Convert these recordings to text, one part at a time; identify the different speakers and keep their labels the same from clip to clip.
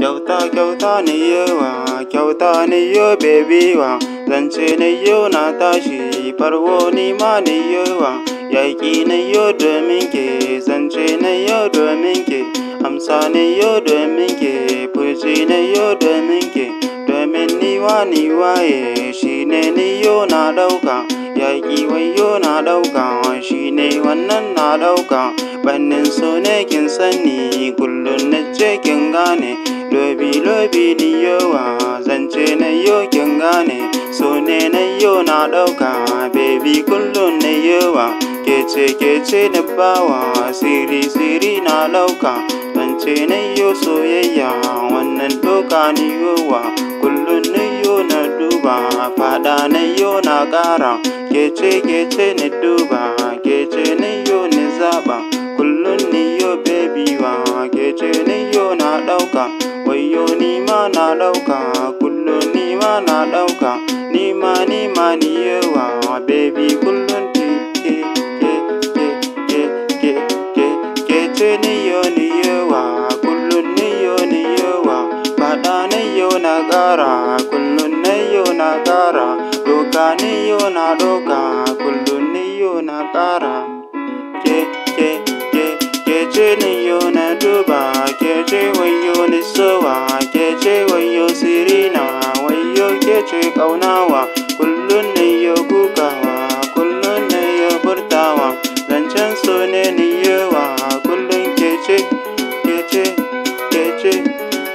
Speaker 1: kyauta kyauta ne yawa kyauta ne yo baby wa zance ne yo na tashi farwo ni ma ne yawa yaƙi ne yo domin ke zance ne yo domin ke amsa ne yo domin ke furci ne yo domin ke domin ni wa ni waye shi ne ni yo na ɗauka yaƙi wai yo na ɗauka shi ne wannan na ɗauka bannin so ne kin sani kullum na ce kin gane lobi lobi ni yowa zance na yau kin gane so ne na yau na ɗauka baby kullum na yowa kece kece na bawa siri siri na lauka zance na yau soyayya wannan doka ni yowa kullum na yau na duba fada na yau na ƙara kece kece na duba wayo ni ma na ɗauka kullum ni ma na ɗauka ni ma ni ma ni yawa baby kullum ke ke ke ke ke ke ke ke ce ni yo ni yawa kullum ni yo ni yawa faɗa ni yo na ƙara kullum ni yo na ƙara doka ni yo na doka kullum ni yo na ƙara fitowa ke ce wayo sirina wayo ke ce kaunawa kullum ne yo wa kullum ne yo furtawa zancen so ne ni yawa kullum ke ce ke ce ke ce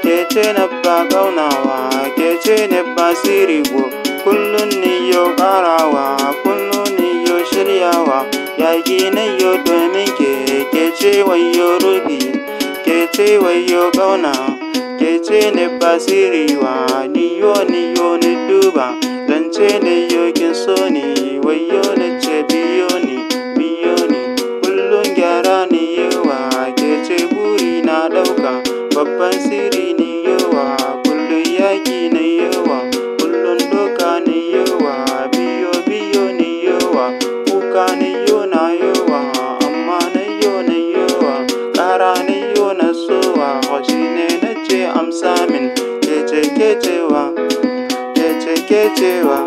Speaker 1: ke ce na ba kaunawa ke ce ne ba sirigo kullum ne yo karawa kullum ne yo shiryawa yaƙi ne yo domin ke ke ce wayo rubi ke ce wayo ƙaunawa zance ne ba niyo niyo ni duba zance ne yokin so kecewa kece kecewa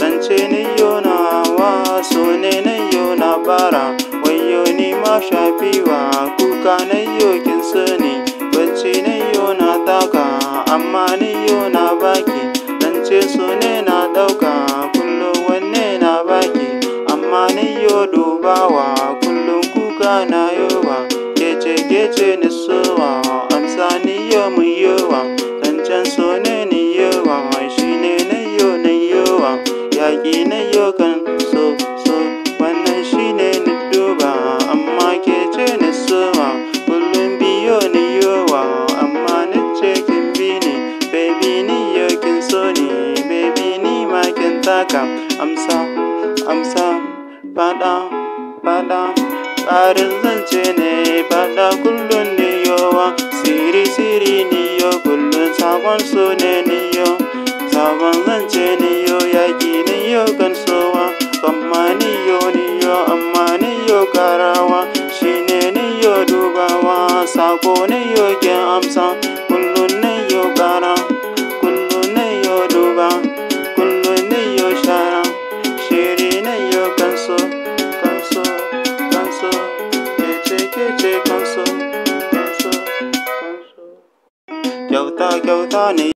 Speaker 1: lance ni yona wa so ne yona bara wayo ni ma shafiwa kuka na kin sani bacci na yona taka amma ni taka amsa amsa faɗa faɗa ƙarin zance ne faɗa kullum wa siri siri niyo kullum sabon so ne niyo sabon zance yo yaƙi niyo kan sowa amma niyo niyo amma niyo karawa shi Lotani